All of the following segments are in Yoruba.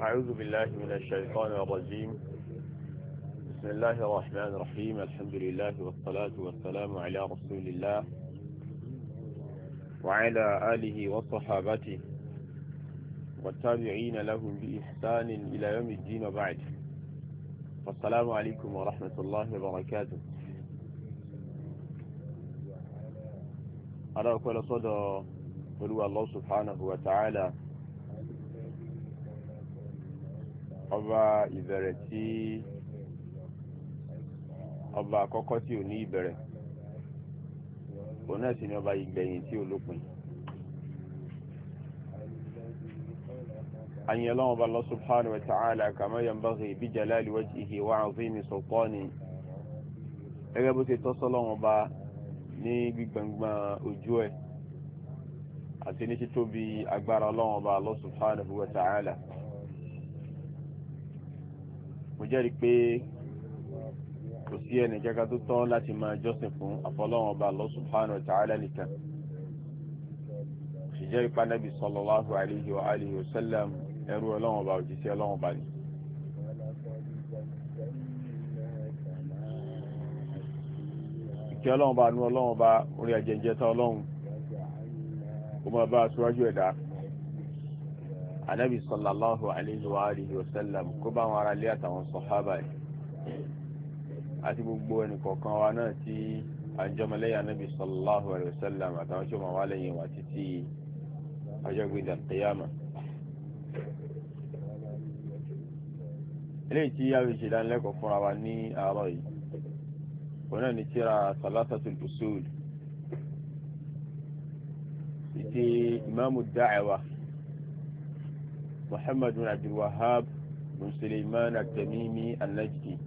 أعوذ بالله من الشيطان الرجيم بسم الله الرحمن الرحيم الحمد لله والصلاة والسلام على رسول الله وعلى آله وصحابته والتابعين لهم بإحسان إلى يوم الدين بعد والسلام عليكم ورحمة الله وبركاته أراك صدى قلوة الله سبحانه وتعالى ọba ìbẹ̀rẹ̀ tí ọba àkọ́kọ́ tí ò ní ìbẹ̀rẹ̀ òun náà sì ni ọba ìgbẹ̀yìn tí ò lópin. أن يلوم الله سبحانه وتعالى كما ينبغي بجلال وجهه وعظيم سلطانه gẹ́gẹ́ bó ṣe tọ́ sọ́lọ́run ọba ní gbígbàngbà ojú ẹ̀ àti ní títóbi Allah subhanahu wa ta'ala mo jẹ́rìí pé kò sí ẹnì kankan tó tọ́ láti máa jọ́sìn fún àfọlọ́wọn ọba Allah subhanahu wa ta'ala nìkan ìjẹ́rìí pa Nabi sallallahu alayhi wa alihi wa sallam ẹrú ọlọ́wọ́n ọba òjíṣẹ́ ọlọ́wọ́n ọba ni. ìkẹ́ ọlọ́wọ́n ọba nu ọlọ́wọ́n ọba orí ajẹ́jẹ́ta ọlọ́run kó máa bá aṣíwájú ẹ̀dá anabi sallallahu alayhi wa alihi wa sallam kó bá wọn ara lé àtàwọn sọ̀hábà yìí àti gbogbo ẹnìkọ̀ọ̀kan wa náà tí àjọmọlẹ́yìn anabi sallallahu alayhi wa sallam àtàwọn tí ó máa wá lẹ́yìn wa títí ọjọ́ gbẹ̀dẹ̀ kíyàmà. eléyìí tí yàrá ìṣèdánilẹ́kọ̀ọ́ fúnra wa ní àárọ̀ yìí wọn náà ní tíra salasatul usul ìtì ìmáàmù dáẹ̀wá. محمد بن عبد الوهاب بن سليمان التميمي النجدي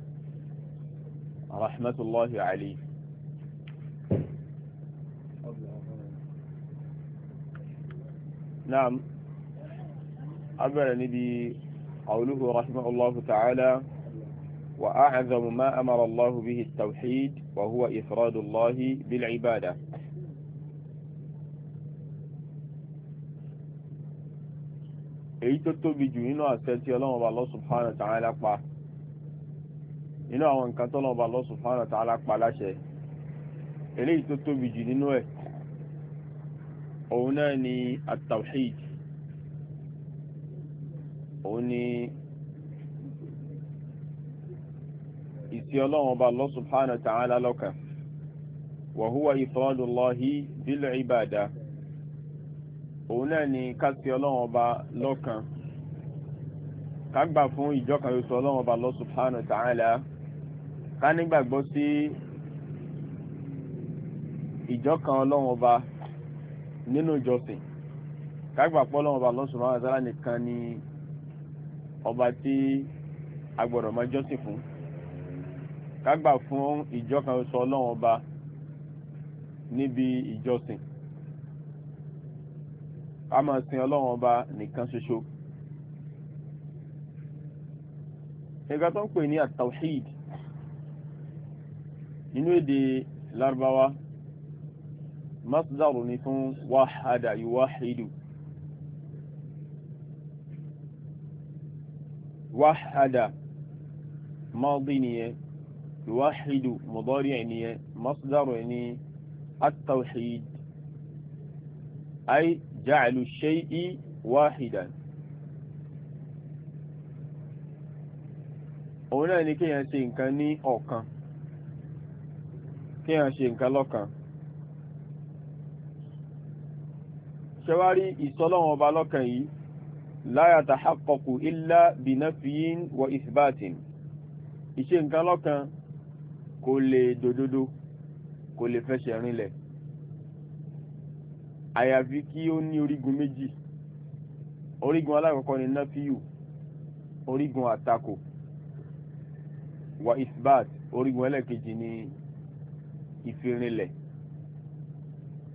رحمة الله عليه نعم نبي قوله رحمه الله تعالى وأعظم ما أمر الله به التوحيد وهو إفراد الله بالعبادة èyí tó tóbi jù nínú àṣẹ tí ọlọ́run ọba Allah subhanahu wa ta'ala pa nínú àwọn nǹkan tó ọlọ́run ọba Allah subhanahu wa ta'ala pa láṣẹ eléyìí tó tóbi jù nínú ẹ̀ òun náà ni at-tawhid òun ni ìsí ọlọ́run ọba Allah subhanahu wa lọ́kàn wa huwa ifradullahi bil òun náà ni ká sí ọlọ́run ọba lọ́kan ká gbà fún ìjọkan yóò sọ ọlọ́run ọba Allah subhanahu wa ta'ala ká nígbàgbọ́ sí ìjọkan ọlọ́run ọba nínú ìjọsìn ká gbà pé ọlọ́run ọba Allah subhanahu wa ta'ala nìkan ni ọba tí a gbọ́dọ̀ máa jọ́sìn fún ká gbà fún ìjọkan yóò sọ ọlọ́run ọba níbi ìjọsìn a máa sin ọlọ́run ọba nìkan ṣoṣo ẹ̀ka tó ń pè ní at-tawhid nínú èdè lárúbáwá masdaru ni fún wahada yuwahidu wahada madi nìyẹn yuwahidu mudari nìyẹn masdaru ni at ay ja'alu shay'i wahidan òun náà ni kíyàn ṣe nǹkan ní ọ̀kan kíyàn ṣe nǹkan lọ́kan ṣẹwárí ìsọlọ́wọ́n ọba lọ́kan yìí la yatahaqqaqu illa binafyin wa isbatin ìṣe nǹkan lọ́kan kò lè dòdodo kò lè fẹsẹ̀ rinlẹ̀ àyàfi kí ó ní orígun méjì orígun alákọ̀ọ́kọ́ ni nafiyu orígun àtakò wa isbat orígun ẹlẹ́ẹ̀kejì ni ìfirinlẹ̀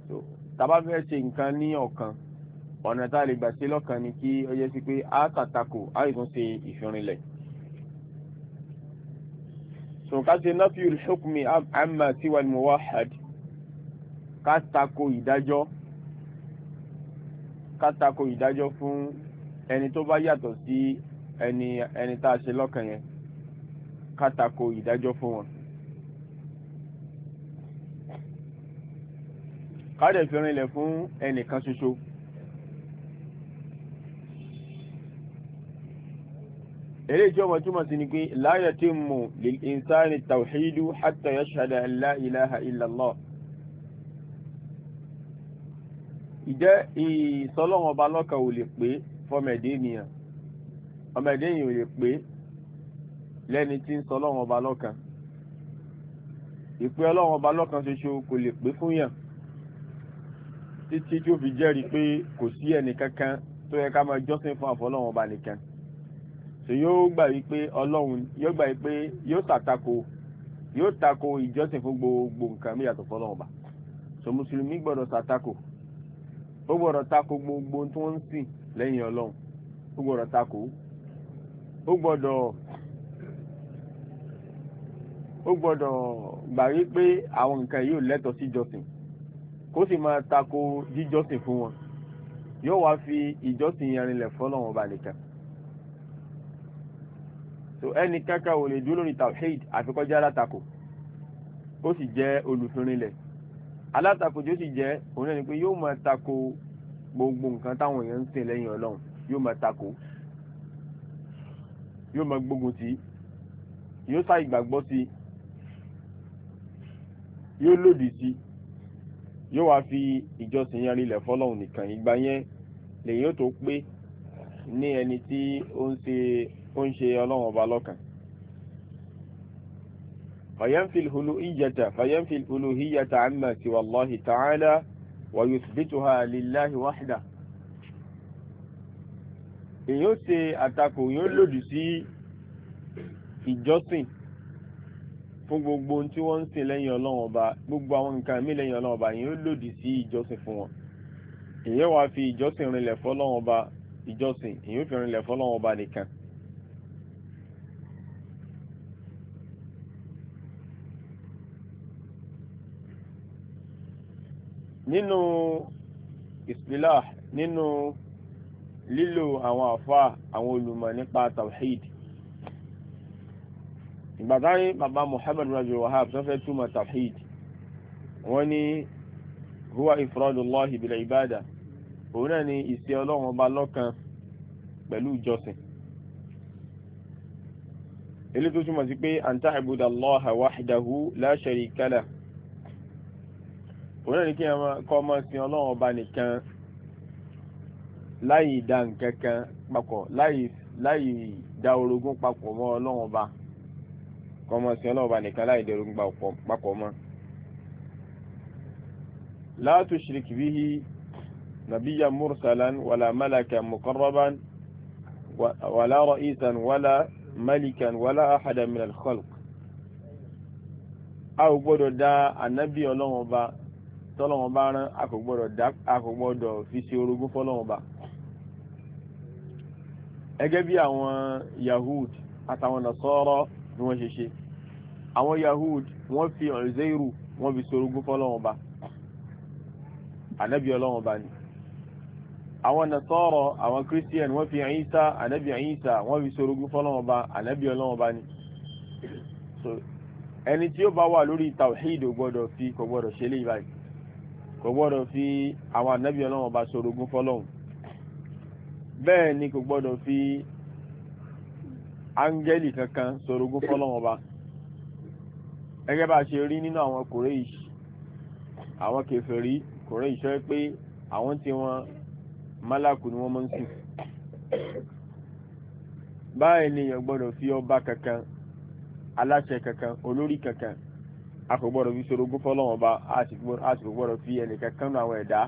so tàbá fẹ́ ṣe nǹkan ní ọ̀kan ọ̀nà tá a lè gbà ṣe lọ́kan ni kí ó sí pé a tàtakò a lè tún ṣe ìfirinlẹ̀ so ká ṣe nafiyu hukmi amma siwa al muwahhad ká tako ìdájọ́ kátàkó ìdájọ́ fún ẹni tó bá yàtọ̀ sí ẹni ẹni tá a ṣe lọ́kàn yẹn kátàkó ìdájọ́ fún wọn. káàdẹ̀ fi rinlẹ̀ fún ẹnìkan ṣoṣo. eré ìjọba túmọ̀ sí ni pé la lil insani tawhidu hatta yashhada an la ilaha illallah. ìjẹ́ ìsọlọ́wọ́n ọba lọ́kàn ò lè pé fọmẹ̀dé ènìyàn ọmọdé yìí ò lè pé lẹ́ni tí ń sọlọ́wọ́n ọba lọ́kàn ìpè ọlọ́wọ́n ọba lọ́kàn ṣoṣo kò lè pé fún yàn títí tí ó fi jẹ́rìí pé kò sí ẹnì kankan tó yẹ ká máa jọ́sìn fún àfọlọ́wọ́n ọba nìkan so yóò gbà wípé ọlọ́run yóò gbà wípé yóò tàtakò yóò tako ìjọ́sìn fún gbogbo nǹkan mi yàtọ̀ fọlọ́wọ́n ọba so mùsùlùmí gbọ́dọ̀ tàtakò ó gbọ́dọ̀ tako gbogbo tí wọ́n ń sìn lẹ́yìn ọlọ́run ó gbọ́dọ̀ tako ó gbọ́dọ̀ ó gbọ́dọ̀ gbà wípé àwọn nǹkan yìí ò lẹ́tọ̀ọ́ sí ìjọsìn kó sì máa tako jíjọsìn fún wọn yóò wá fi ìjọsìn yẹn rinlẹ̀ fọ́lọ́run ọba nìkan so ẹnì kankan ò lè dúró lórí tawhid àfikọ́jà látako ó sì jẹ́ olùfinrinlẹ̀ alátakò tí ó sì jẹ́ òun náà ni pé yóò máa takò gbogbo nǹkan táwọn èèyàn ń sìn lẹ́yìn ọlọ́run yóò máa takò yóò máa gbógun tì yóò sá ìgbàgbọ́ sí yóò lòdì sí yóò wá fi ìjọsìn yẹn rinlẹ̀ fọlọ́run nìkan ìgbà yẹn lèyìn ó tó pé ní ẹni tí ó ń ṣe ọlọ́run ọba lọ́kàn فينفي الألوهية فينفي الألوهية عما سوى الله تعالى ويثبتها لله وحده èyàn ṣe àtakò yóò lòdì sí ìjọsìn fún gbogbo tí wọ́n ń sìn lẹ́yìn ọlọ́run ọba gbogbo àwọn nǹkan mí lẹ́yìn ọlọ́run ọba yóò lòdì sí ìjọsìn fún wọn èyàn wá fi ìjọsìn rinlẹ̀ fọ́lọ́run ọba ìjọsìn èyàn fi rinlẹ̀ fọ́lọ́run ọba nìkan nínú isbilah nínú lílo àwọn àfa àwọn olùmọ̀ nípa tawhid ìgbàdáyé bàbá Muhammad rajul wahab tó fẹ́ túmọ̀ tawhid wọ́n ní huwa ifradullahi bil ibada òun náà ni ìṣe ọlọ́run ọba lọ́kan pẹ̀lú ìjọsìn ilé tó túmọ̀ sí pé an ta'budallaha wahdahu la sharika lahu òun náà ní kí kọ́ ọmọ sin ọlọ́run ọba nìkan láì dá nǹkan kan papọ̀ láì dá orogún papọ̀ mọ́ ọlọ́run ọba kọ́ ọmọ sin ọlọ́run ọba nìkan láì dá orogún papọ̀ mọ́. la tushrik bihi nabiyyan mursalan wala malakan muqarraban wala ra'isan wala malikan wala ahadan min a ò gbọ́dọ̀ dá ànábì ọlọ́run ọba tọ́lọ́wọ́n bá rán a kò gbọ́dọ̀ dá a kò gbọ́dọ̀ fi ṣe orogún fọ́lọ́wọ́n bá ẹgẹ́ bí àwọn Yahud àtàwọn Nasara bí wọ́n ṣe ṣe àwọn Yahud wọ́n fi Uzairu wọ́n fi ṣe orogún fọ́lọ́wọ́n bá ànábì ọlọ́wọ́n bá ni àwọn Nasara àwọn Christian wọ́n fi Isa ànábì Isa wọ́n fi ṣe orogún fọ́lọ́wọ́n bá ànábì ọlọ́wọ́n bá ni ẹni tí ó bá wà lórí tawhid gbọ́dọ̀ fi kò gbọ́dọ̀ ṣe lè báyìí kò gbọ́dọ̀ fi àwọn ànábì ọlọ́run ọba ṣorogún fọlọ́run bẹ́ẹ̀ ni kò gbọ́dọ̀ fi áńgẹ́lì kankan ṣorogún fọlọ́run ọba gẹ́gẹ́ bá a ṣe rí nínú àwọn kòrèìṣ àwọn kèfèrí kòrèìṣ sọ pé àwọn tí wọn málàkù ni wọ́n máa ń sìn báyìí ni èèyàn gbọ́dọ̀ fi ọba kankan aláṣẹ kankan olórí kankan a kò gbọ́dọ̀ fi ṣorogún fọ́lọ́wọ́n bá a sì kò gbọ́dọ̀ fi ẹnìkan kan náà àwọn ẹ̀dá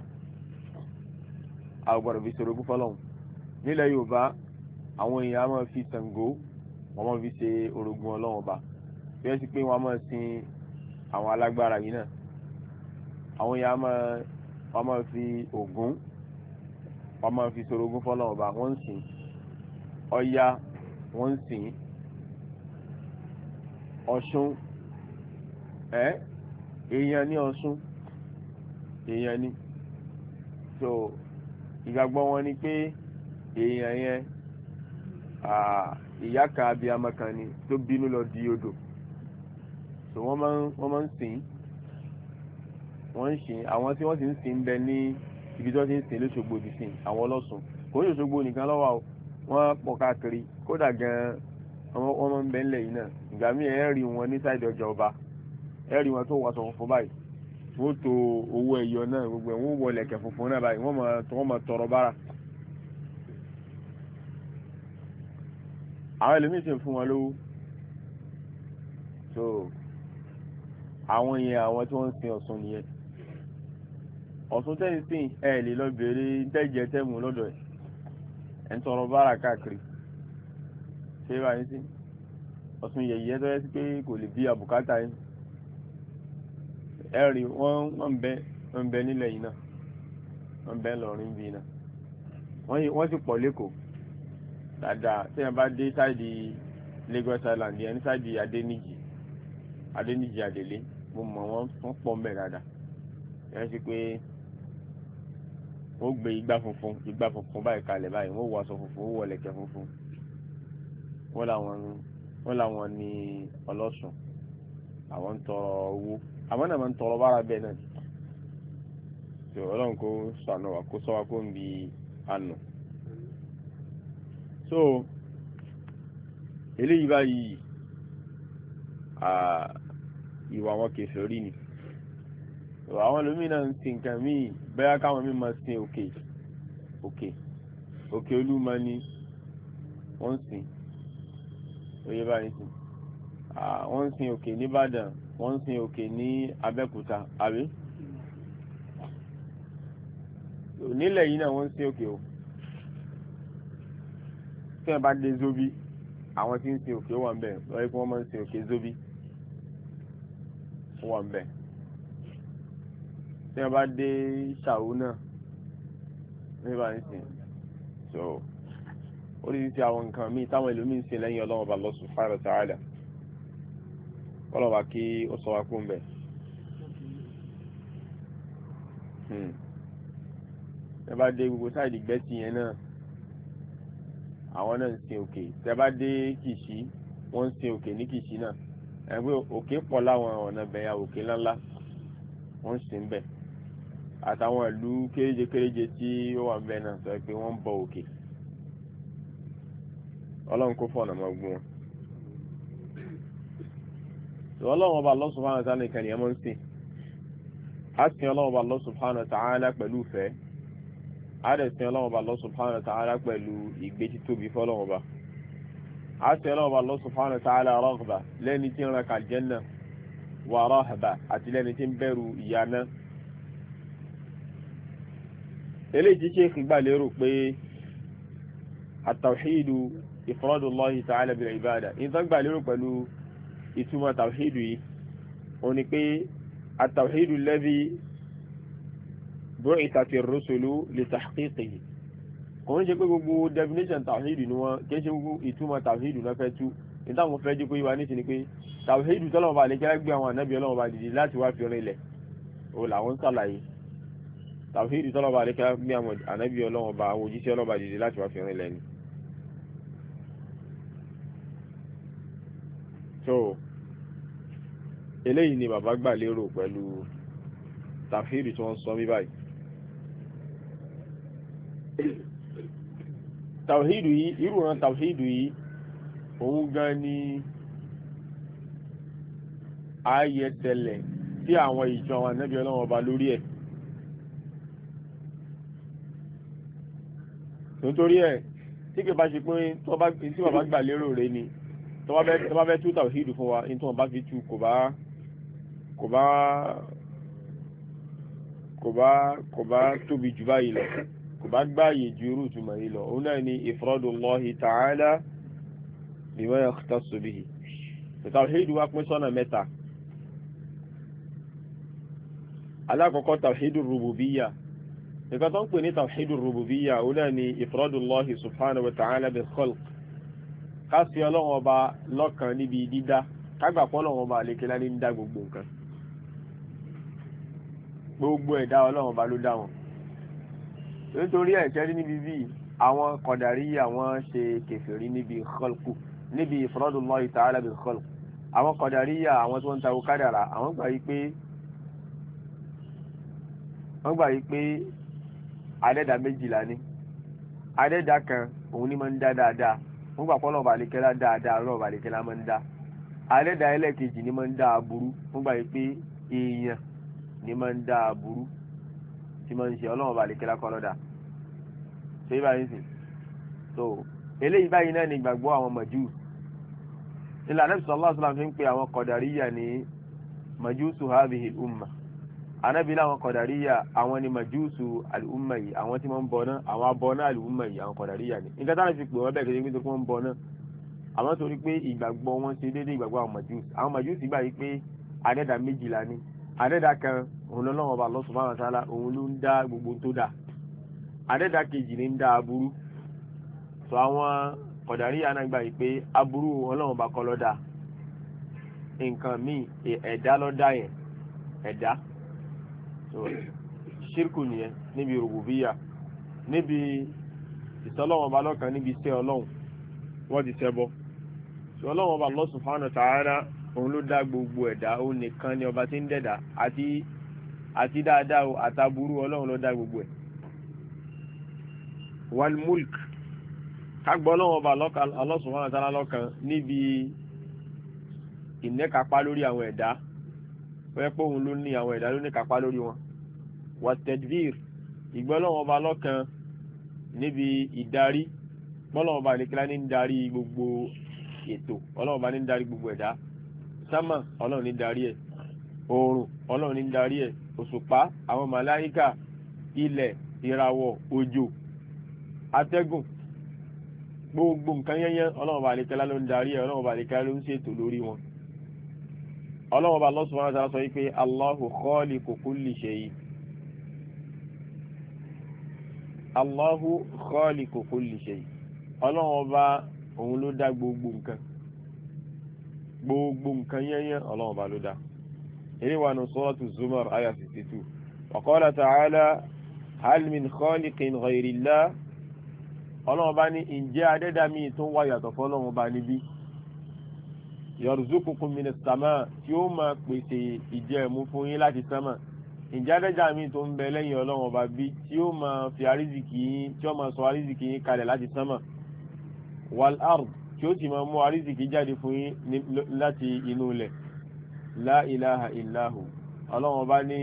a kò gbọ́dọ̀ fi ṣorogún fọ́lọ́wọ́n nílẹ̀ yorùbá àwọn èèyàn a máa fi Ṣàngó wọ́n máa fi ṣe orogún ọlọ́wọ́n bá bí wọ́n pé wọ́n máa sin àwọn alágbára yìí náà àwọn èèyàn a máa wọ́n fi Ògún wọ́n máa fi ṣorogún fọ́lọ́wọ́n bá wọ́n ń sìn Ọya wọ́n ń sìn Ọ̀ṣun ẹ́ èèyàn ní ọ̀ṣun èèyàn ni so ìgbàgbọ́ wọn ni pé èèyàn yẹn ìyá kan abiyamọ kan ni tó bínú lọ di odò so wọ́n máa ń sìn wọ́n ń sìn àwọn tí wọ́n sì ń sìn bẹ ní ibi tó ti ń sìn lóṣogbo ti sìn àwọn ọlọ́sùn kò ní òṣogbo nìkan lọ́wọ́ o wọ́n pọ̀ káàkiri kódà gan-an wọ́n máa ń bẹ ńlẹ̀ yìí náà ìgbà míì ẹ̀ rí wọn ní sáìdì ọjà ọba ẹ̀rí wọn tó wọ́n sọ fún báyìí wọ́n tó owó ẹ̀yọ náà gbogbo ẹ̀ wọ́n wọ lẹ̀kẹ̀ funfun náà báyìí wọ́n máa tọrọ bára. àwọn ẹlòmíín sì ń fún wọn lówó so àwọn yẹn àwọn tí wọ́n ń sin Ọ̀ṣun nìyẹn Ọ̀ṣun tẹ́yìn sìn ẹ̀ lè lọ bèrè tẹ́jẹ́ tẹ́mu lọ́dọ̀ ẹ̀ ẹ̀ ń tọrọ bára káàkiri ṣé báyìí sí Ọ̀ṣun yẹ̀yẹ́ tó sí pé kò lè bí àbùkátà yìí ẹ̀rí wọ́n bẹ wọ́n bẹ nílẹ̀ yìí náà wọ́n bẹ lọ́rin bíi náà wọ́n sì pọ̀ lẹ́kọ̀ọ́ dáadáa tí wọ́n bá dé sáìdì Lagos Island yẹn ní sáìdì Adéníjì Adéníjì Adélé mo mọ̀ wọ́n wọ́n pọ̀ mbẹ̀ dáadáa yẹn sì pé wọ́n gbé igbá funfun igbá funfun báyìí kalẹ̀ báyìí wọ́n wọ aṣọ funfun wọ́n wọ ẹlẹ́kẹ̀ funfun wọ́n làwọn wọ́n làwọn ní ọlọ́sùn àwọn ń tọrọ owó àmọ́ náà máa ń tọrọ bára bẹ́ẹ̀ náà tó ọlọ́run kó sànù wá kó sọ kó ń bi àná so eléyìí báyìí ìwà wọn kèfèrí rí ni ìwà àwọn lómìnà ń sin nǹkan míì bẹ́ẹ̀ káwọn míì máa sin òkè òkè òkè olúmọ ni wọ́n sin oyè báyìí sìn wọ́n sin òkè nìbàdàn wọ́n ń sin òkè ní Abẹ́òkúta àbí nílẹ̀ yìí náà wọ́n ń sin òkè o tí wọ́n bá dé Zobi àwọn tí ń sin òkè wà ń bẹ̀ lọ́yẹ́ kí wọ́n máa ń sin òkè Zobi wà ń bẹ̀ tí wọ́n bá dé ṣàwó náà nígbà nísìn so oríṣiríṣi àwọn nǹkan míì táwọn ìlú míì ń sin lẹ́yìn Ọlọ́run ọba Allah subhanahu wa kọ́lọ̀wà kí ó sọ wa kún bẹ̀. Hmm. tẹ bá dé gbogbo sáìdì gbẹ́sì yẹn náà àwọn náà ń sin òkè tẹ bá dé kìsì wọ́n ń sin òkè ní kìsì náà ẹgbẹ́ òkè pọ̀ láwọn ọ̀nà bẹ̀yà òkè ńláńlá wọ́n ń sin bẹ̀ àtàwọn ìlú kéréje kéréje tí ó wà ń bẹ̀ náà sọ pé wọ́n ń bọ òkè ọlọ́run kó fọ̀nà mọ́ gbọ́n ọlọ́run ọba Allah subhanahu wa ta'ala nìkan ni ẹ mọ́ ń sìn á sìn ọlọ́run ọba Allah subhanahu wa ta'ala pẹ̀lú ìfẹ́ á dẹ̀ sìn ọlọ́run ọba Allah subhanahu wa ta'ala pẹ̀lú ìgbé títóbi fọlọ́run ọba á sìn ọlọ́run ọba Allah subhanahu wa ta'ala raghba lẹ́ni tí ń ra kàlìjẹ́nà wà rahba àti lẹ́ni ifradullahi ta'ala bil ibada ìtọ́gbà lérò pẹ̀lú ìtumọ̀ tàwíìdù yìí òun ni pé àtàwíìdù lẹ́bí bu'itha ar-rusulu li tahqiqihi kò ń ṣe pé gbogbo definition tàwíìdù ni wọ́n kì í ṣe gbogbo ìtumọ̀ tàwíìdù náà fẹ́ tú nítawọn fẹ́ jẹ́ pé wà ní sinmi pé tàwíìdù tọ́lọ́wọ́ bá lè jẹ́ gbé àwọn ànábì Ọlọ́run bá dìde láti wá fi rinlẹ̀ o làwọn ń sàlàyé tàwíìdù tọ́lọ́wọ́ bá lè jẹ́ gbé àwọn ànábì Ọlọ́run bá àwọn òjíṣẹ́ Ọlọ́run bá dìde láti wá fi rinlẹ̀ ni so eléyìí ni bàbá gbà lérò pẹ̀lú tàfíìrì tí wọ́n sọ mí báyìí tàwíìdù yìí ìrùran tàwíìdù yìí òun gan ni ààyè tẹ̀lẹ̀ tí àwọn ìjọ àwọn ànábì ọlọ́wọ́n ọba lórí ẹ̀ nítorí ẹ̀ tí kìí bá ṣe pé tí bàbá gbà lérò rẹ̀ ni tọ́bá fẹ́ tú tàwíìdù fún wa in tó wọ́n bá fi tú kò bá kò bá kò bá kò bá tóbi jù báyìí lọ kò bá gbáyè ju irú ìtumọ̀ yìí lọ òun náà ni ifradullahi ta'ala bima yakhtassu bihi tàwíìdù wa pín sọ́nà mẹ́ta alákọ̀ọ́kọ́ tàwíìdù rububiyya nǹkan tó ń pè ní tàwíìdù rububiyya òun náà ni ifradullahi subhanahu wa ta'ala bil khalq ká sí ọlọ́run ọba lọ́kàn níbi dídá kágbà pọ́ ọlọ́run ọba àlékelá ní dá gbogbo nǹkan gbogbo ẹ̀dá ọlọ́run ọba ló dá wọn nítorí ẹ̀jẹ̀ rí níbi bíi àwọn kọ̀dàrí àwọn ṣe kèfèrí níbi khalqu níbi ifradullahi ta'ala bil khalqu àwọn kọ̀dàríyà àwọn tí wọ́n ń ta okádàrà àwọn gbà yìí pé wọ́n gbà yìí pé adẹ́dà méjìlá ni adẹ́dà kan òun ni máa ń dá dáadáa fún gbàpọ̀ lọ́wọ́ balẹ̀kẹ́lá dáadáa lọ́wọ́ balẹ̀kẹ́lá máa ń dá alẹ́ dá ẹlẹ́ẹ̀kejì ni máa ń dá aburú fún gbà pé èèyàn ni máa ń dá aburú tí máa ń ṣe ọlọ́wọ́ balẹ̀kẹ́lá kọ́ lọ́dà ṣé báyìí sìn so eléyìí báyìí náà ni ìgbàgbọ́ àwọn màjú ilà anábìsọ̀ allah fi ń pe àwọn kọ̀dàríyà ní màjú suhabihi umma anabi láwọn kọ̀dàríyà àwọn ni màjúùsù àlùmọ̀ yìí àwọn tí wọ́n ń àwọn abọ́ná àlùmọ̀ yìí àwọn kọ̀dàríyà ni nǹkan táwọn fi pè wọ́n bẹ́ẹ̀ kejì nítorí wọ́n ń bọ̀ná àwọn torí pé ìgbàgbọ́ wọn ṣe déédéé ìgbàgbọ́ àwọn màjúùsù àwọn màjúùsù gbà yí pé adẹ́dà méjìlá ni adẹ́dà kan òun lọ́wọ́ ọba Allah subhanahu wa ta'ala òun ló ń dá gbogbo tó dà adẹ́dà kejì ni ń dá aburú sọ àwọn kọ̀dàríyà náà gbà yí pé ṣírkù nìyẹn níbi rògbòbíyà níbi ìsọlọ́wọ́n ọba lọ́kàn níbi iṣẹ́ ọlọ́run wọ́n ti ṣẹbọ ṣé ọlọ́run ọba Allah gbogbo ẹ̀dá òun nìkan ni ọba tí ń dẹ̀dá àti àti dáadáa gbogbo ẹ̀. wal mulk kágbọ́ ọlọ́run ọba lọ́kàn níbi ìnẹ́kápá lórí fẹ́ pé òun ló ní àwọn ẹ̀dá ló ní kápá lórí wọn watadbir ìgbọ́lọ́wọ́n ọba lọ́kan níbi ìdarí bọ́lọ́wọ́n ọba nìkan ní ń darí gbogbo ètò ọlọ́wọ́n ọba ní ń darí gbogbo ẹ̀dá sámà ọlọ́run ní ń darí ẹ̀ oòrùn ọlọ́run ní ń darí ẹ̀ òṣùpá àwọn màláíkà ilẹ̀ ìràwọ̀ òjò atẹ́gùn gbogbo nǹkan yẹnyẹn ọlọ́run ọba nìkan ló ń darí ẹ̀ ọlọ́run ọba nìkan ló ń ṣètò lórí wọn ọlọ́wọ́ba Allah subhanahu wa ta'ala sọ wípé Allahu khaliqu kulli shay Allahu khaliqu kulli shay ọlọ́wọ́ba òun ló dá gbogbo nǹkan gbogbo nǹkan yẹ́yẹ́ ọlọ́wọ́ba ló dá eré wa nù suratu Zumar ayah sixty two wa qala ta'ala hal min khaliqin ghayrillah ọlọ́wọ́ba ní ǹjẹ́ adẹ́dàmí tó wáyàtọ̀ fọlọ́wọ́ba níbí yarzuqukum minas sama tí ó máa pèsè ìjẹ mu fún yín láti sánmà ìjádẹ́jà mi tó ń bẹ lẹ́yìn ọlọ́run ọba bí tí ó máa fi àrízìkì yín tí ó máa sọ àrízìkì yín kalẹ̀ láti sánmà wal tí ó sì máa mú àrízìkì jáde fún yín láti inú ilẹ̀ la ilaha illahu ọlọ́run ọba ní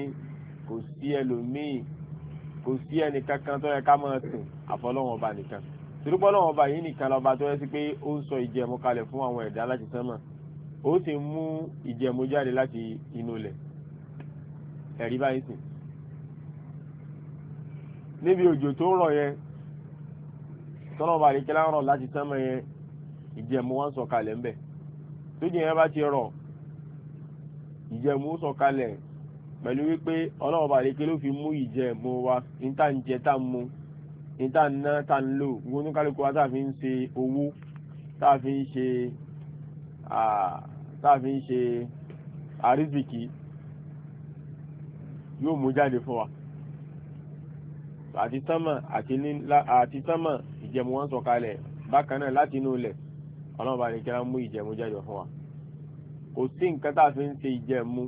kò sí ẹlòmíì kò sí ẹnì kankan tó yẹ ká máa sìn àfọlọ́run ọba nìkan tìrúbọ́lọ́run ọba yìí nìkan lọ́ba tó yẹ sí pé ó ń sọ ìjẹ̀mú kalẹ̀ fún àwọn ẹ̀dá láti sánmà ó sì mú ìjẹ̀mú jáde láti inú ilẹ̀ ẹ̀rí báyìí sìn níbi òjò tó rọ̀ yẹn tọ́nà bá rí kílá rọ̀ láti sánmọ̀ yẹn ìjẹ̀mú wọn sọ̀kalẹ̀ ńbẹ̀ tójú yẹn bá ti rọ̀ ìjẹ̀mú sọ̀kalẹ̀ pẹ̀lú wípé ọlọ́wọ́ bá rí kí ló fi mú ìjẹ̀mú wa níta ń jẹ tá ń mu níta ń ná tá ń lò gbogbo oníkálukú wa tá a fi ń ṣe owó tá a fi ń ṣe táàfi ń ṣe àrísìkì yóò mú jáde fún wa àti sánmà àti sánmà ìjẹ̀mú wọn sọ̀kalẹ̀ bákan náà láti inú ilẹ̀ ọlọ́run bá ní kí wọ́n mú ìjẹ̀mú jáde fún wa kò sí nǹkan táàfi ń ṣe ìjẹ̀mú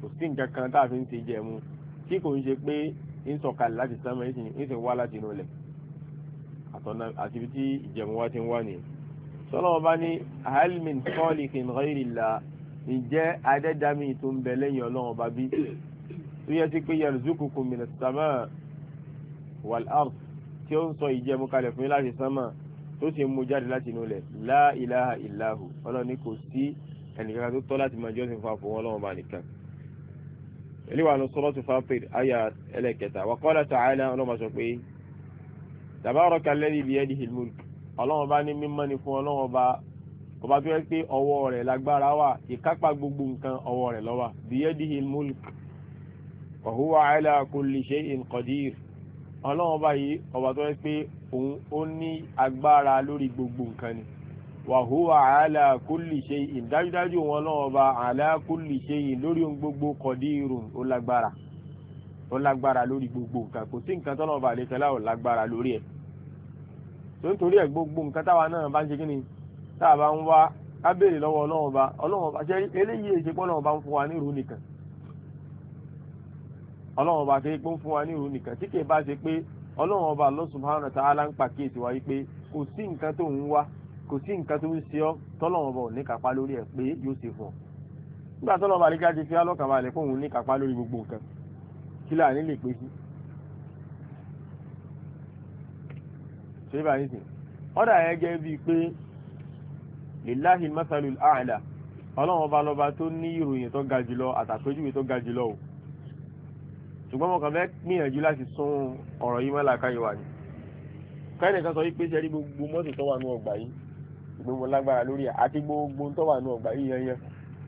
kò sí nǹkan kan táàfi ń ṣe ìjẹ̀mú tí kò ń ṣe pé ń sọ̀kalẹ̀ láti sánmà ń sì wá láti inú ilẹ̀ àti ibi tí ìjẹ̀mú wa ti ń wá nìyẹn tọ́lọ́wọ́ bá ní halmin khaliqin ghayrillah ǹjẹ́ adẹ́dàmí tó ń bẹ lẹ́yìn ọlọ́wọ́n bá bí tó yẹ sí pé yarzuqukum minas samaa wal ard tí ó ń sọ ìjẹmu kalẹ̀ fún láti sánmà tó sì ń mú jáde láti inú lẹ̀ la ilaha illa hu ọlọ́run ní kò sí ẹnìkan tó tọ́ láti máa jọ́sìn fún àfọwọ́ bá nìkan eléwà ní suratu Fatir àyà ẹlẹ́kẹta wa qala ta'ala ọlọ́mọ sọ pé tabaraka alladhi biyadihi al ọlọ́run bá ní mímọ́ ni fún ọlọ́run bá ọba tó yẹ pé ọwọ́ rẹ̀ lágbára wà ìkápá gbogbo nǹkan ọwọ́ rẹ̀ ló wà biyadihi al-mulk wa huwa ala kulli shay'in qadir ọlọ́run bá yìí ọba tó yẹ pé òun ó ní agbára lórí gbogbo nǹkan ni wa huwa ala kulli shay'in dájúdájú òun ọlọ́run bá ala kulli shay'in lórí ohun gbogbo qadirun ó lágbára ó lágbára lórí gbogbo nǹkan kò sí nǹkan tọ́lọ́run bá àlekẹ́lá ò lágbára lórí ẹ̀ tó ń gbogbo nǹkan táwa náà bá ń ṣe kí ni táwa ń wá ká béèrè lọ́wọ́ ọlọ́run ọba ọlọ́run ọba ṣe eléyìí èyí ṣe pé ọlọ́run ọba ń fún wa ní ìrù nìkan ọlọ́run ọba ṣe pé ń fún wa ní ìrù nìkan tí kìí bá ṣe pé ọlọ́run ọba kò sí nǹkan tó wá kò sí nǹkan tó ń ṣe ò ní kápá lórí ẹ̀ ṣe bá yín sìn ọ̀dà yẹn gẹ́ bíi pé lillahi masalul a'la ọlọ́run ọba lọ́ba tó ní ìròyìn tó ga jùlọ àtàpéjúwe tó ga jùlọ o ṣùgbọ́n mo kàn fẹ́ gbìyànjú láti sún ọ̀rọ̀ yìí mọ́lá káyọ̀ wà ní kẹ́nìkan sọ wípé ṣe rí gbogbo mọ́tò tó wà ní ọgbà yìí gbogbo lágbára lórí àti gbogbo tó wà ní ọgbà yìí yanyan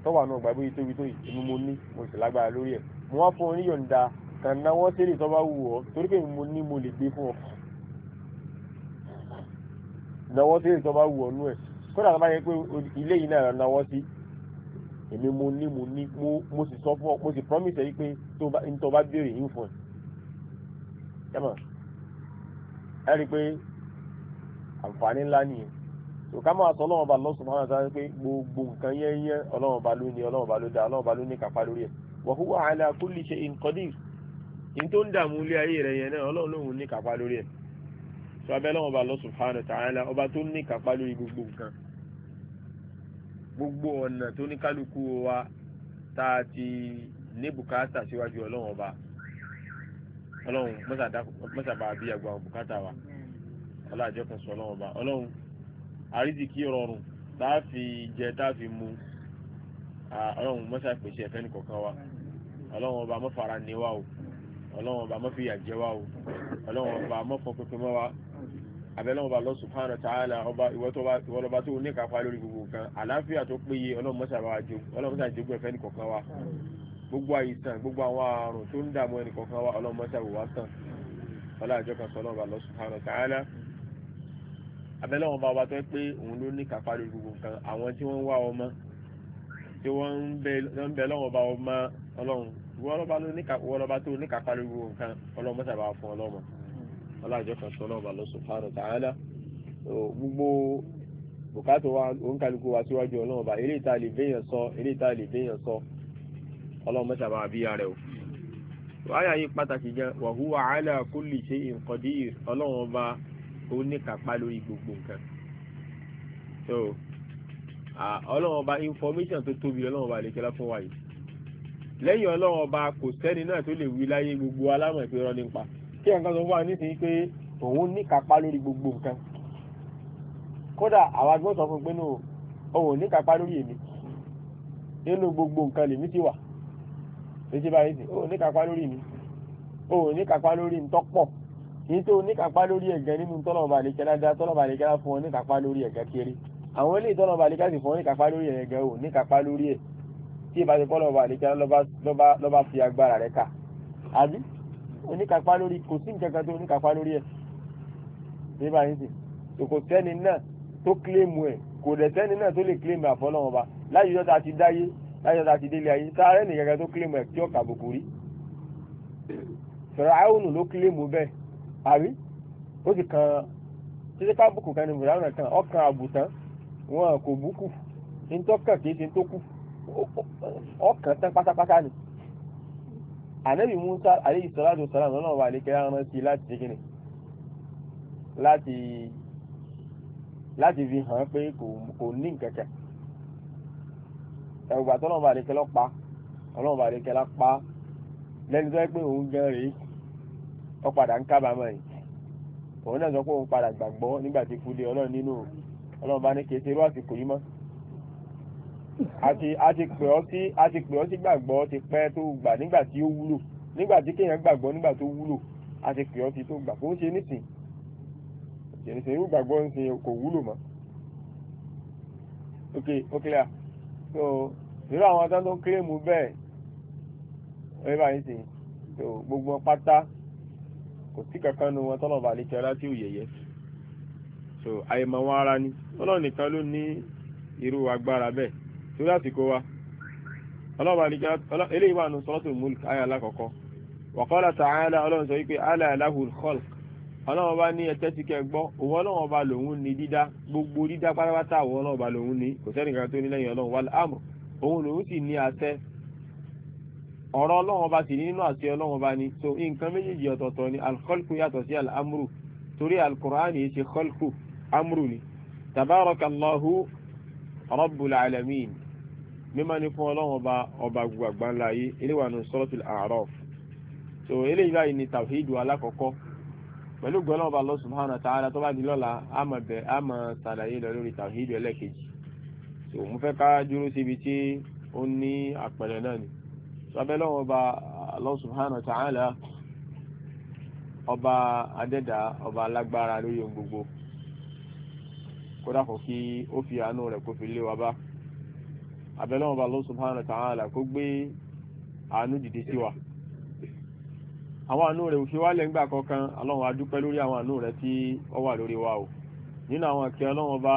tó wà ní ọgbà bóyá tóbi tó èmi mo ní mo sì lágbára lórí ẹ̀ mo wá fún oníyọ̀ǹda kàn náwó sílẹ̀ tó bá wù ọ́ torí pé mo ní mo lè gbé fún ọ náwó sí ìtọ́ bá wù ọ́ nú ẹ̀ kódà tó bá yẹ pé ilé yìí náà náwó sí èmi mo ní mo ní mo sì sọ fún ọ mo sì promise yìí pé tó bá béèrè yìí fún ẹ yàmà ẹ rí i pé àǹfààní ńlá nìyẹn tó ká máa sọ ọlọ́run ọba lọ́sùn máa ń sáré pé gbogbo nǹkan yẹn yẹn ọlọ́run ọba ló ní ọlọ́run ọba ló dá ọlọ́run ọba ló ní kápá lórí ẹ̀ wa huwa ala kulli shay'in qadir ní tó ń dààmú ilé ayé rẹ̀ yẹn náà ọlọ́run lòun ní kápá lórí ẹ̀ tó abẹ́lẹ́wọ̀n ọba Allah subhanahu wa ta'ala ọba tó ní kápá lórí gbogbo nǹkan gbogbo ọ̀nà tó ní kálukú wa tá a ti ní bùkátà síwájú ọlọ́wọ̀n ọba ọlọ́run mọ́sàbà bí àgbà bùkátà wa ọlájọ́ kan sọ ọlọ́run ọba ọlọ́run àrídìkí rọrùn tá a fi jẹ tá a fi mu ọlọ́run mọ́sà pèsè ẹ̀fẹ́ nìkọ̀ọ̀kan wa ọlọ́run ọba mọ́fara ni wa o ọlọ́run ọba mọ́fìyà jẹ wa o ọlọ́run ọba mọ́fọ pẹpẹ mọ́ wa abẹ́lẹ́wọ̀n bá Allah subhanahu wa ta'ala ọba ìwọ́lọ́ba tó ní kápá lórí gbogbo kan àlàáfíà tó péye ọlọ́mọṣà jogún ẹ̀fẹ́ nìkọ̀kan wa gbogbo àìsàn gbogbo àwọn àrùn tó ń dààmú ẹnìkọ̀kan wa ọlọ́mọṣà wò wá sàn ọlọ́àjọ kan sọ ọlọ́ba Allah subhanahu wa ta'ala abẹ́lẹ́wọ̀n bá ọba tó pé òun ló ní kápá lórí gbogbo kan àwọn tí wọ́n ń wá ọmọ tí wọ́n ń bẹ lọ́wọ́ bá ọmọ ọlọ́run ìwọ́lọ́ba tó ní kápá lórí gbogbo kan ọlọ́mọṣà bá fún ọlọ́mọ ọlájọ́ kan sọ náà bàlọ́ ta'ala gbogbo bùkátà wa òǹkàlùkù wa síwájú ọlọ́run ọba eré ìta lè béèyàn sọ eré ìta lè béèyàn sọ ọlọ́run mẹ́ta bá bí ara ẹ̀ o wáyà yìí pàtàkì jẹ́ wa huwa ala kulli shay'in qadir ọlọ́run ọba ó ní kápá lórí gbogbo nǹkan so ọlọ́run ọba information tó tóbi ọlọ́run ọba lè kẹ́lá fún wa yìí lẹ́yìn ọlọ́run ọba kò sẹ́ni náà tó lè wí láyé gbogbo alámọ̀ ìpẹ́rọ́ nípa kí ẹ̀kan sọ fún wa nísìnyí pé òun ní kápá lórí gbogbo nǹkan kódà àwọn agbọ́n sọ fún pé náà òun ní kápá lórí èmi nínú gbogbo nǹkan lèmi ti wà lójú báyìí sí òun ní kápá lórí mi òun ní kápá lórí ntọ́pọ̀ kìí tó ní kápá lórí ẹ̀gẹ́ nínú tọ́lọ̀bà lè kẹ́lá dá tọ́lọ̀bà lè kẹ́lá fún ọ ní kápá lórí ẹ̀gẹ́ kéré àwọn ilé tọ́lọ̀bà lè kẹ́sì fún ọ ní kápá lórí ẹ̀gẹ́ oníkàpá lórí kò sí nǹkan kan tó oníkàpá lórí ẹ̀ ṣé báyìí sì kò sẹ́ni náà tó kílèmù ẹ̀ kò dẹ̀ sẹ́ni náà tó lè kílèmù àfọlọ́wọn ba láyé ọjọ́ ta ti dáyé láyé ọjọ́ ta ti délé ayé sáré nìkan kan tó kílèmù ẹ̀ tí ó kàbùkù rí fìràáhùn ló kílèmù bẹ́ẹ̀ àbí ó sì kan títí pábùkù kan ní fìràáhùn kan ọkàn àbùtán wọn kò búkù ní tó kàn kì í ṣe tó kù ọkàn tán pátápátá ni ànábì musa alayhi salatu salam lọ́nà wà lè kẹ́rẹ́ rán sí láti ṣe kíni láti láti fi hàn pé kò ní nkẹ̀kẹ́ ẹ̀rùgbà tó lọ́nà wà lè kẹ́lọ́ pa ọlọ́nà wà lè kẹ́lá pa lẹ́ni tó yẹ pé òun gan rèé ó padà ń kábàámọ̀ yìí òun náà sọ pé òun padà gbàgbọ́ nígbà tí kú dé ọlọ́run nínú ọlọ́run bá ní kí ẹ ṣe irú àsìkò yìí a ti pè ọ́ sí a ti pè ọ́ sí gbàgbọ́ ti pẹ́ tó gbà nígbà tí ó wúlò nígbà tí kéèyàn gbàgbọ́ nígbà tó wúlò a ti pè ọ́ sí tó gbà kó ń ṣe nísìn ìṣẹ̀lẹ̀ṣẹ̀ irú gbàgbọ́ ń ṣe kò wúlò mọ́ ok ó clear so irú àwọn atán tó ń kílèmù bẹ́ẹ̀ ẹ bá sìn so gbogbo wọn pátá kò sí kankan nu wọn tọ́lọ̀ bá lè kẹ́ra tí so àyèmọ̀ wọn ara ni tọ́lọ̀ nìkan ló ní irú agbára bẹ́ẹ̀ torí àsìkò wa ọlọ́wà àlìjá eléyìí wà nù sọ́tù mulk ayé alákọ̀ọ́kọ́ wàkọ́lá tààlà ọlọ́run sọ wípé aláàláhùl khalq ọlọ́run bá ní ẹtẹ́ ti kẹ gbọ́ òun ọlọ́run bá lòun ní dídá gbogbo dídá pátápátá òun ọlọ́run bá lòun ní kò sẹ́ni kan tó ní lẹ́yìn ọlọ́run wal amr òun lòun sì ní àṣẹ ọ̀rọ̀ ọlọ́run bá sì ní nínú àṣẹ ọlọ́run bá ní so nǹkan méjèèjì ọ̀tọ̀ọ̀tọ̀ ni alkhalku yàtọ̀ sí alamru torí alkùránì ṣe khalku amru ni tabarakallahu rabbul alamin mímọ́ ni fún ọlọ́run ọba ọba gbogbo àgbáńlá yìí eléwàánu suratul A'raf so eléyìí báyìí ni tàwíìdù alákọ̀ọ́kọ́ pẹ̀lú gbọ́n náà ọba Allah subhanahu wa ta'ala tó bá di lọ́la a máa bẹ̀ a máa ṣàlàyé lọ lórí tàwíìdù ẹlẹ́kejì so mo fẹ́ ká dúró síbi tí ó ní àpẹẹrẹ náà ni so abẹ́ lọ́wọ́ ọba Allah subhanahu wa ta'ala ọba adẹ́dà ọba alágbára lórí ohun gbogbo kódà kò kí ó fi àánú rẹ̀ kó fi lé wa bá. abẹ́lẹ́ wọn bá Allah subhanahu wa ta'ala kó gbé àánú dìde sí wa àwọn àánú rẹ̀ òfin wálẹ̀ ńgbà kọ̀ọ̀kan ọlọ́run adúpẹ́ lórí àwọn àánú rẹ̀ tí ó wà lórí wa o nínú àwọn ìkẹ́ bá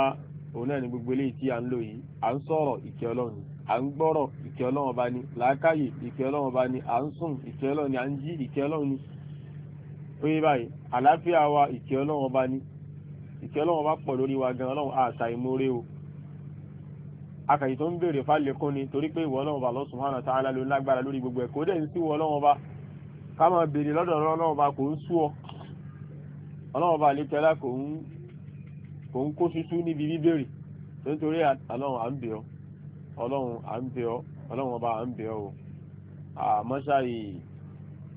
òun gbogbo eléyìí tí a ń lò yìí à ń sọ̀rọ̀ ìkẹ́ ọlọ́run à ń gbọ́rọ̀ ìkẹ́ ọlọ́run bá ní làákàyè ìkẹ́ ọlọ́run bá ní à ń sùn ìkẹ́ ọlọ́run à ń wa ìkẹ́ ọlọ́run bá ní ìkẹ́ o akàyè tó ń béèrè fálẹ́kùn ni torí pé ìwọ ọlọ́run ọba subhanahu wa ta'ala ló lágbára lórí gbogbo ẹ̀ kó dẹ̀ ń sí ìwọ ọlọ́run ọba ká máa béèrè lọ́dọ̀ ọlọ́run ọba kò ń sú ọ ọlọ́run ọba àlékẹ́lá kò ń kò ń kó ṣuṣú níbi bíbèrè nítorí ọlọ́run à ń bẹ̀ ọ́ ọlọ́run à ń bẹ̀ ọ́ ọlọ́run à ń bẹ̀ ọ́ àmọ́ṣáì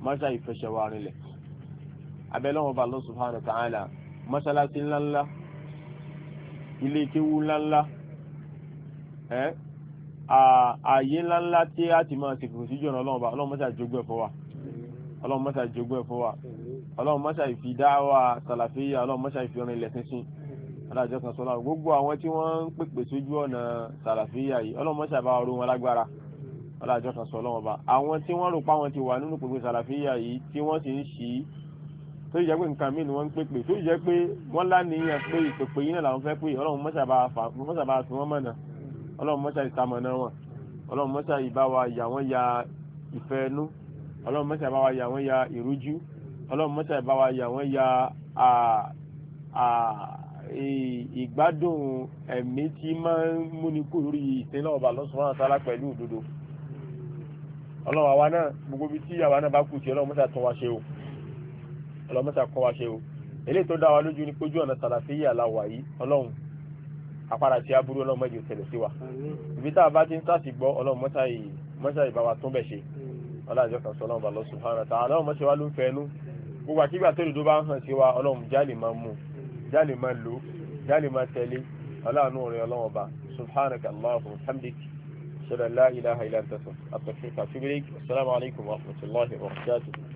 mọ́ṣáì fẹsẹ̀wà ààyè ńláńlá tí a ti máa ṣèkòkò sí jọ̀nà ọlọ́run bá ọlọ́run mọ́sà jogún ẹ̀fọ́ wa ọlọ́run mọ́sà jogún ẹ̀fọ́ wa ọlọ́run mọ́sà ìfi dáwà sàlàfíà ọlọ́run mọ́sà ìfi ọ̀rìn ilẹ̀ sínsìn adájọ́ kan sọ́lá gbogbo àwọn tí wọ́n ń pèpè sójú ọ̀nà sàlàfíà yìí ọlọ́run mọ́sà bá ọrùn wọn lágbára adájọ́ kan sọ́lá wọn bá àwọn tí wọ́n rò pa wọn ti wà nínú pèpè sàlàfíà yìí tí wọ́n sì ń ṣí tó yẹ pé nǹkan mìíràn wọ́n ń pèpè tó yẹ pé wọ́n láníyàn pé ìpèpè yìí náà làwọn fẹ́ pé ọlọ́run mọ́sà bá fi wọ́n mọ̀nà ọlọ́run mọ́ṣá ìsàmọ̀nà wọn ọlọ́run mọ́ṣá ìbá wa ya ìfẹ́ ẹnu ọlọ́run mọ́ṣá ìbá wa ya ìrújú ọlọ́run mọ́ṣá ìbá wa ya ìgbádùn ẹ̀mí tí máa ń múni kú lórí ìsinlẹ̀ ọba lọ́sùnmọ́ àtàlà pẹ̀lú òdodo ọlọ́run àwa náà gbogbo ibi tí àwa náà bá kù sí ọlọ́run mọ́ṣá tún wa ṣe o ọlọ́run mọ́ṣá kún wa ṣe o apára tí aburú ọlọ́mọdé òṣèlè sí wa ibi tá a bá ti ń sáàsì gbọ́ ọlọ́mọsáì bá wa tún bẹ̀ ṣe ọlọ́àjọ kan sọ ọlọ́mọba lọ subhanahu wa ta'ala ọlọ́mọṣẹ́ wa ló ń fẹ́ ẹnu gbogbo àkígbà tó lè tó bá ń hàn sí wa ọlọ́run jáde máa mú jáde máa lò jáde máa tẹ̀lé ọlọ́àánú rẹ̀ ọlọ́mọba subhanaka allahumma hamdik shada la ilaha illa anta astaghfiruka wa atubu ilaik assalamu alaikum wa rahmatullahi wa